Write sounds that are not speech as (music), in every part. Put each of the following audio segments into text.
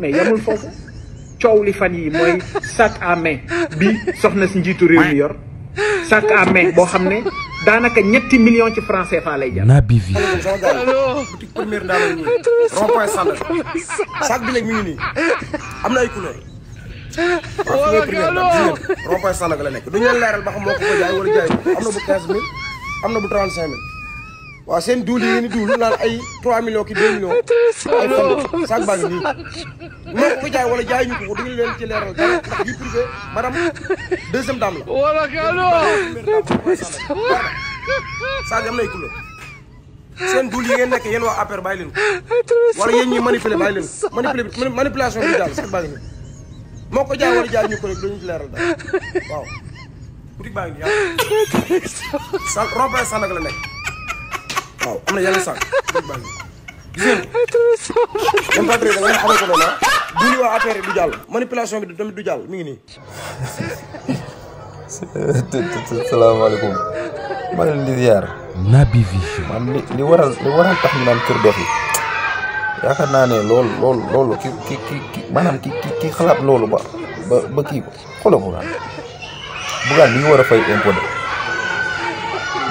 mais yamul foofu coow li fan yi mooy sac à main bi soxna si njiitu réew mi yor à main boo xam ne daanaka ñetti million ci franc CFA lay jar. bii Vi. allo. boutique première daal la ñuy rond-point Sànn sac bi léegi mi ngi nii am na ay couleur. Oh, waaw waaw kii allo la nekk du ñu leen leeral ba xam moo ko ko jaay wala jaay am na bu 15000 am na bu 35000. waa seen duul yi ngeen di duul naan ay 3 millions ki 2 millions. ay nii. ñoo ko jaay wala jaay ñu ko da ngeen leen ci leeral dara ndax bii privé madame deuxième dame la. wala kalo. Sadio yi ngeen nekk yéen waa APR bàyyi leen ko. wala yéen ñi manipuler bàyyi leen ko manipulé manipulation bi moo ko jaay wala jaay ñu ko rek dañu ci leeral dara waaw. boutique baa ngi nii yàlla. sa rompé Sandaga la nekk. waaw manipulation bi tamit du jàll mi ngi nii salaamaaleykum ma leen di ziar Naby Vision man li waral li waral tax ñu naan kër dof yi yaakaar naa ne loolu ki ki ki ki ki ki xalaat loolu ba ba ba ko xoolal bugaan bugaan li ñu war a fay impôt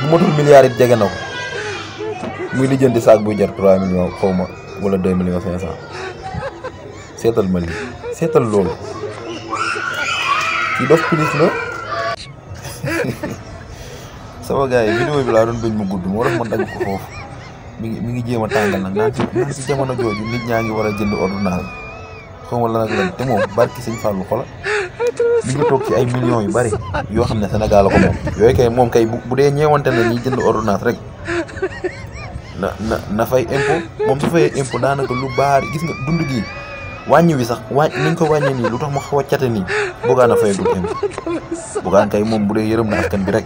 bu milliard it muy lijeenti ya ya saag bu jar 3 millions xaw ma wala 2 millions 500 seetal ma li seetal lool ki dof plus la sama gars yi vidéo bi la doon bañ mu gudd mo tax ma dag ko foofu mi ngi jema tangal nak a ci ci jamono joju nit ñaa wara jënd ordinal xaw ma lan ak lan te moom barki sëñ fallu xola mi ngi tok ci ay millions yu bari yo xamne senegal ko mom yoy kay mom kay bu dee ñewante na ñi jënd ordinal rek na na na fay impôt moom su fayee impôt daanaka lu bari gis nga dund gi wañu wi sax wañ ni ko wàññee nii lu tax mu xaw a cate na fay a fayagul impôt bugaan kay mom bu dee na askan bi rek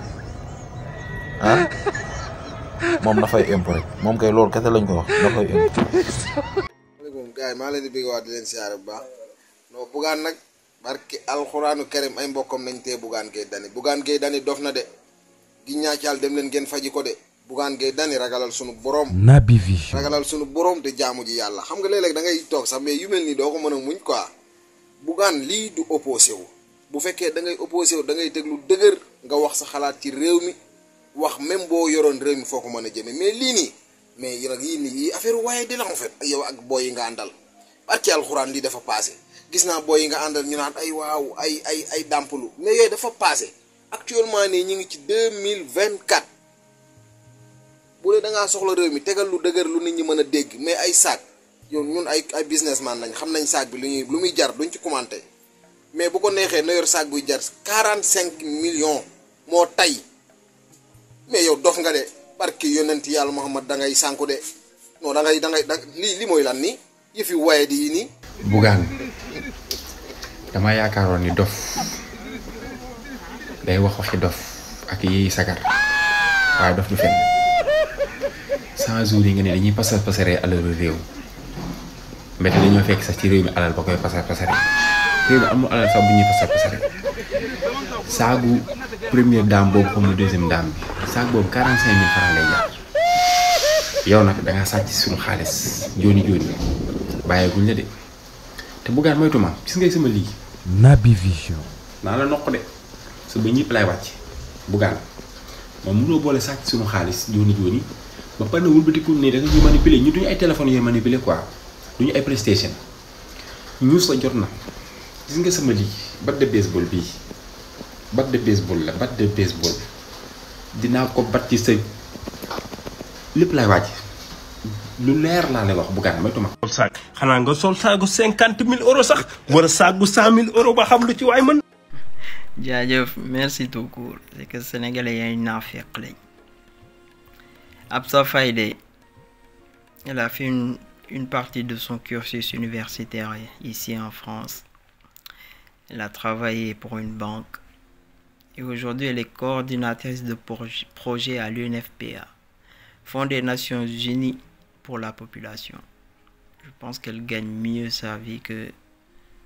han ah? mom na fay impôt rek mom kay loolu kese lañ ko wax na fay impôt. alaykum gay ma maa di bëgg wax di leen siyaare ba no non bugaan nag barki alxuraanu karim ay mbokkam nañ tee bugaan gay dani bugaan gay dani dofna na de gi ñaacal dem len ngeen faji ko de. Bukan gay dani ragalal sunu borom Nabi vi ragalal sunu borom te jaamu ji yalla ya xam nga leleg da ngay tok sax mais yu melni doko meuna muñ quoi bugan li du opposé wu bu fekke da ngay opposé wu da ngay teglu deuguer nga wax sa xalaat ci rew mi wax même bo yoron rew mi foko meuna jeme mais li ni mais yi yi ni affaire waye de la en fait yow ak boy nga andal barki alquran li dafa passé gis na boy nga andal ñu naan ay waw ay ay ay dampulu mais yoy dafa passé actuellement ni ñi ngi ci 2024 bu dee da nga soxla réew mi tegal lu dëgër lu nit ñi mën a dégg mais ay saag yow ñun ay ay businessman lañ xam nañ saag bi lu ñuy lu muy jar duñ ci commenté mais bu ko neexee na yor saag buy jar 45 millions moo tay mais yow dof nga de barke yonent yàlla Muhammad da ngay sànku de non da ngay da ngay li li mooy lan ni yëf waaye di yi nii. dama yaakaaroon ni dof day wax waxi dof ak yi sagar waaye dof du fenn cent jours yi nga ne dañuy pasar pasaree alal ba réew fekk sax ci réew mi alal ba koy pasar pasaree réew mi amul alal sax bu ñuy pasar pasaree saagu première dame boobu comme la deuxième dame bi saag boobu quarante cinq mille nag da sàcc suñu xaalis jooni jooni te buggaan moytu ma gis ngay sama lii. Naby Vision. naa la noq de su ba ñëpp lay wàcc buggaan moom mënoo boole sàcc suñu xaalis jooni jooni. ba pare wul bitiku ni da nga ñu manipuler ñu duñu ay téléphone yoy manipuler quoi duñu ay playstation ñu sa jorna gis nga sama li bat de baseball bi bat de baseball la bat de baseball dina ko bat ci sa lepp lay wàcc lu leer la lay wax bu gan gaan sol sac xana nga sol saagu cinquante mille euros sax wala saagu cent mille euros ba xam lu ci way man jaajëf merci tout court c'est que sénégalais yaay nafiq lañ Absa elle a fait une, partie de son cursus universitaire ici en France. Elle a travaillé pour une banque et aujourd'hui elle est coordinatrice de projet à l'UNFPA, Fonds des Nations Unies pour la population. Je pense qu'elle gagne mieux sa vie que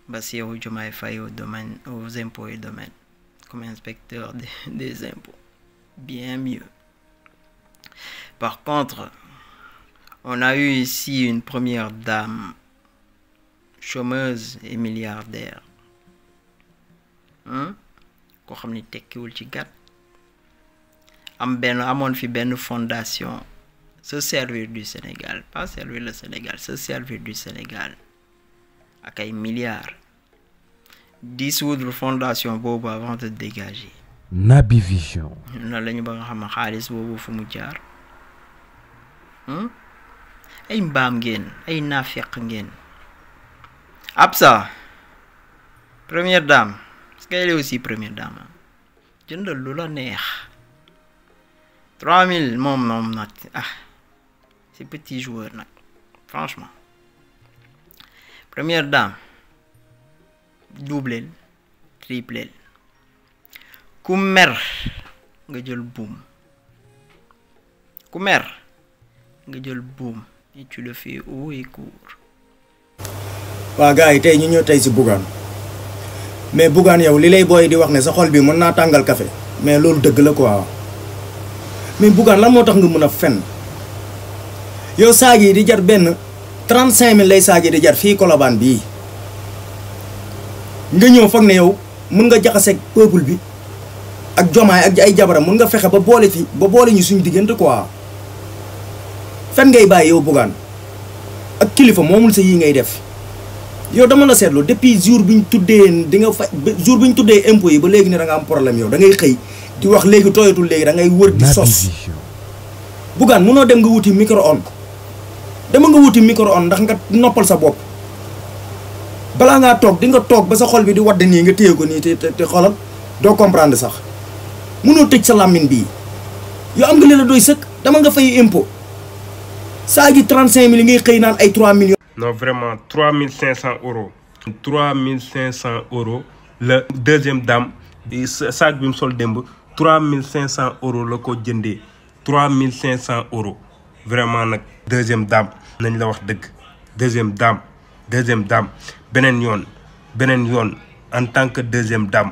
Bassirou Oujoma Faye au domaine, aux impôts et domaines, comme inspecteur des impôts. Bien mieux. Par contre, on a eu ici une première dame, chômeuse et milliardaire. Hein? C'est fi fondation se servir du Sénégal pas servir le Sénégal se servir du Sénégal avec milliard. milliards dissoudre fondation avant de dégager Nabi Vision. noonu la ñu bëgg a xam xaalis boobu fu mu Hmm? ay mbam ngeen ay naafeq ngeen. Absa première dame C'est qu'elle aussi première dame jëndal lu la neex 3000 mom moom nat. ah ces petits joueurs nag franchement première dame doublel triplel. ku mer nga jël boom ku mer nga jël boom ni tu le fais haut et court wa gaay tay ñu si mais Bougane yow li lay boy di wax ne sa xol bi mën na tangal café mais lool deug la quoi mais Bougane la motax nga mëna fenn yow saagi di jar 35000 lay saagi di jar fi colaban bi nga ñew fakk ne yow mën nga jaxase peuple bi ak jomaay ak ay jabaram mun nga fexe ba boole fi ba boole ñu suñu diggante quoi fen ngay bàyyi yow Bougane ak kilifa moomul sa yii ngay def yow dama la seetlu depuis jour bi ñu tuddee di nga fa jour bu ñu tuddee impôts yi ba léegi ne danga am problème yow dangay xëy di wax léegi tooyatul léegi da ngay wër di sos Bougane munoo dem nga wuti micro-ondes dama nga wuti micro-ondes ndax nga noppal sa bopp balaa ngaa toog di nga toog ba sa xol bi di wadd nii nga téye ko nii te te doo comprendre sax mënoo tëj sa làmmiñ bii yow am nga leen la doy sëkk dama nga fay impôt saa ji trente cinq mille ngay xëy naan ay trois millions. non vraiment trois mille cinq cent euros. trois mille cinq cent euros la deuxième dame saag bi mu sol démb trois mille cinq cent euros la ko jëndee trois mille cinq cent euros vraiment nag deuxième dame nañ la wax dëgg deuxième dame deuxième dame beneen yoon beneen yoon en tant que deuxième dame.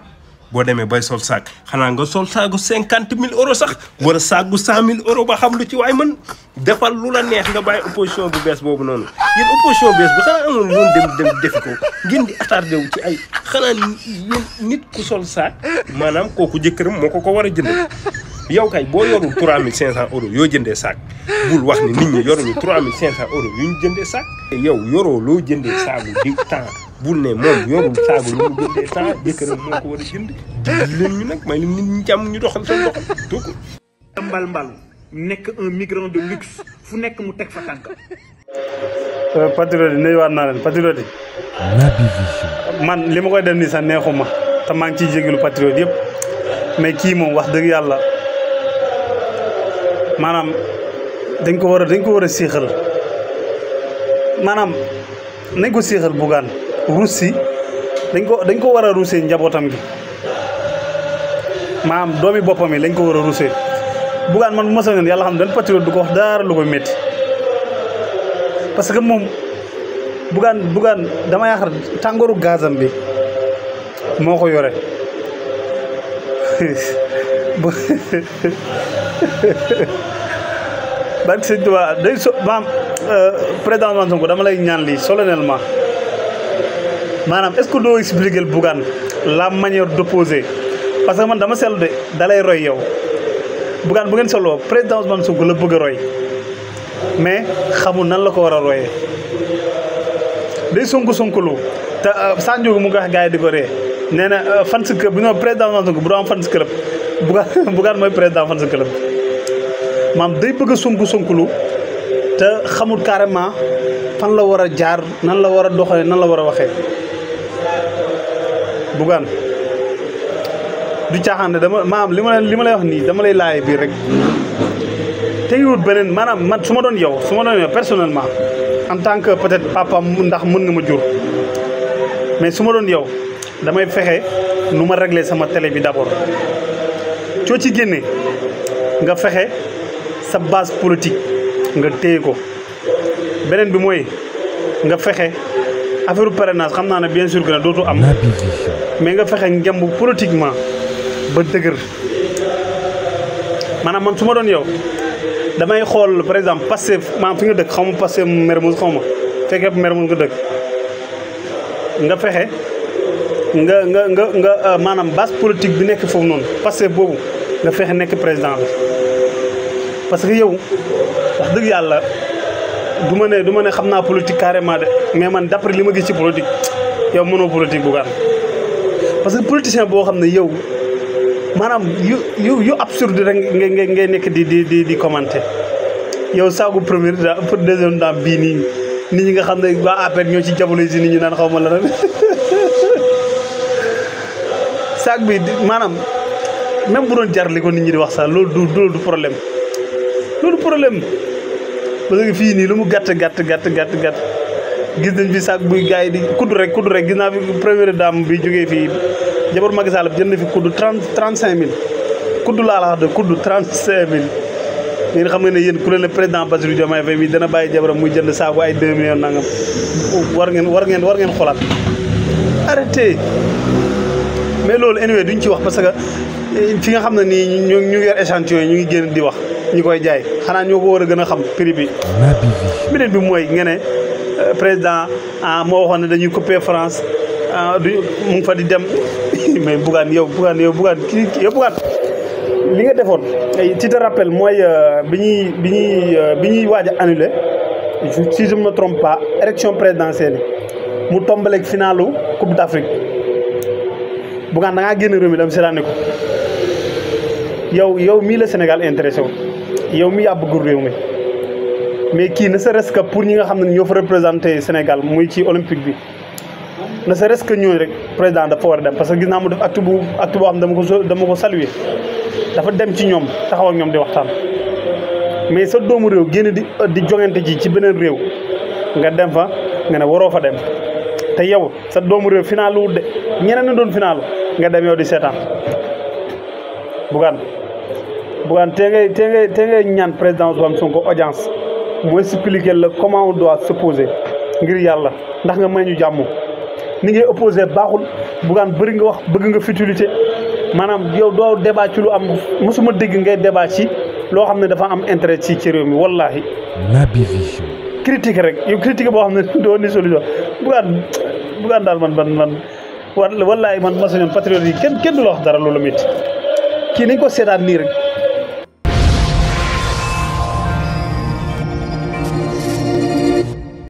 boo demee bay sol saak xanaa nga sol saagu cinquante mille euros sax wala saagu cent mille euros ba xam lu ci waay man defal lu la neex nga bàyyi opposition bu bees boobu noonu yéen opposition bu bees bi xanaa dem dem ko ngeen di wu ci ay xanaa nit ku sol saag maanaam kooku jëkkëram moo ko ko war a jënd yow kay boo yorul trois mille cinq cent yoo jëndee saag bul wax ni nit ñi yoruñu trois mille cinq cent euros yu ñu jëndee saag yow yoroo loo jëndee saagu bi temps bul ne moom yorul saabu lu mu jëndee saa jëkkëram moo ko war a jënd ñu nag may leen nit ñi jàmm ñu mbal mbal nekk un migrant de luxe fu nekk mu teg fa tànk. Euh, patriote nuyuwaat naa leen patriote. Naby man li ma koy def nii sax neexuma te maa ngi ciy jégalu patriote yëpp mais kii moom wax dëgg yàlla maanaam dañ ko war a dañ ko war a séexal maanaam nañ ko séexal bugaan. russi dañ ko dañ ko wara a njabotam njabootam gi maam doomi bopam yi lañ ko wara a bu gan man mësa ma yalla xam dañ patriot du ko wax dara lu ko metti parce que gan bu gan dama yaxar tangoru gazam bi moko yoré yore (laughs) barke sëñ day so maam euh, président Sonko dama lay ñaan li solennellement maanaam est-ce que doo expliquer Bougane la manière d'opposer parce que man dama seetlu de dalay roy yow Bougane bu ngeen seetloo président Ousmane Sonko la bëgg a roy mais xamul nan la ko war a royee day sonk sonklu te euh, saa mu ngi wax gars yi di ko ree nee na euh, fan si club bu ñu président Ousmane Sonko bu doon am fan si club (laughs) mooy président fan si club maam day bëgg a sonk sonklu te xamul carrément fan la war a jaar nan la war a doxalee nan la war a waxee. Bougane du caaxaan ne dama maam li ma li ma lay wax nii dama lay laaj biir rek tegiwut beneen maanaam man su ma doon yow su ma doon yow personnellement en tant que peut-être papa ndax mën nga ma jur mais su ma doon yow damay fexe nu ma régler sama tele bi d'abord coo ci génne nga fexe sa base politique nga téye ko beneen bi mooy nga fexe affaire parrainage xam naa ne bien sûr que ne dootu am mais nga fexe njamb politiquement ba dëgër maanaam man su ma doon yow damay xool par exemple Pastef maanaam fi nga dëkk xaw ma Pastef Mermoz xaw ma fekkee Mermoz nga dëkk nga fexe nga nga nga nga euh, maanaam base politique bi nekk foofu noonu Pastef boobu nga fexe nekk président bi parce que yow wax dëgg yàlla du ma ne du ma ne xam naa politique carrément de mais man d'après li ma gis ci politique yow mënoo politique bu gaan parce que politicien boo xam ne yow maanaam yu yu yu absurde rek nga nga ngay nekk di di di di commenter yow saagu première da pour deuxième dame bii nii nit ñi nga xam ne waa APR ñoo ci jàppale si nit ñu naan xaw ma la rek (laughs) saag bi maanaam même bu doon jar li nit ñi di wax sax loolu du loolu du problème loolu problème. ba que fi ni lu mu gatt gatt gatt gatt gatt gis nañ fi sax bu gars di kudd rek kudd rek gis naa fi premier dame bi joge fi jabar Macky Sall jënd fi kudd trente trente cinq kudd laa la de kudd 35000 cinq mille ngeen xam nga ne ku leen président Bassirou Diomaye fay mi dana baye jabar muy jënd bu ay 2 millions nangam war ngeen war ngeen war ngeen xoolaat arrêté mais lool anyway duñ ci wax parce que eh, fi nga xam ni ñu ñu yor échantillon ñu ngi génn di wax ñukoy jaay xana ñoko wara gëna xam prix bi beneen bi moy nga euh, président en ah, mo waxone dañuy couper France ah, du mu fa di dem (laughs) mais bugan yow bugan yow bugaan kii yow bugan li nga defoon ci te rappel moy euh, bi ñuy bi ñuy euh, annuler ñuy si je me trompe pas élection présidentielle mu tombaleeg finalu coupe d'afrique bugan da nga génn réew mi dem seetaani ko yow yow mi le Sénégal intéressé yow mi yàbb bëggul réew mi mais kii na sa ce que pour ñi nga xam ne ñoo fa représenté Sénégal muy ci olympique bi na serait-ce que ñooñu rek président dafa war a dem parce que gis naa mu def acte bu acte boo xam dama ko dama ko saluer dafa dem ci ñoom taxaw ñoom di waxtaan mais sa doomu réew génn di di jongante ji ci beneen réew nga dem fa nga ne waroo fa dem te yow sa doomu réew finaalu de ñeneen na doon finaalu nga dem yow di seetaan bugaan Bougane te ngay te ngay te ngay ñaan président Ousmane Sonko audience mu expliquer la comment on doit se poser ngir yàlla ndax nga may ñu jàmm ni ngay opposé baaxul buggaan bëri nga wax bëgg nga futilité maanaam yow doo débat ci lu am mosuma dégg ngay débat ci loo xam ne dafa am intérêt ci ci réew mi wallaahi. Naby Vision. rek yow critique boo xam ne (laughs) doo ni solution Bougane Bougane daal man man man wallaahi man ma sañoon yi kenn kenn du la wax dara loolu mit kii nañ ko seetaan nii rek.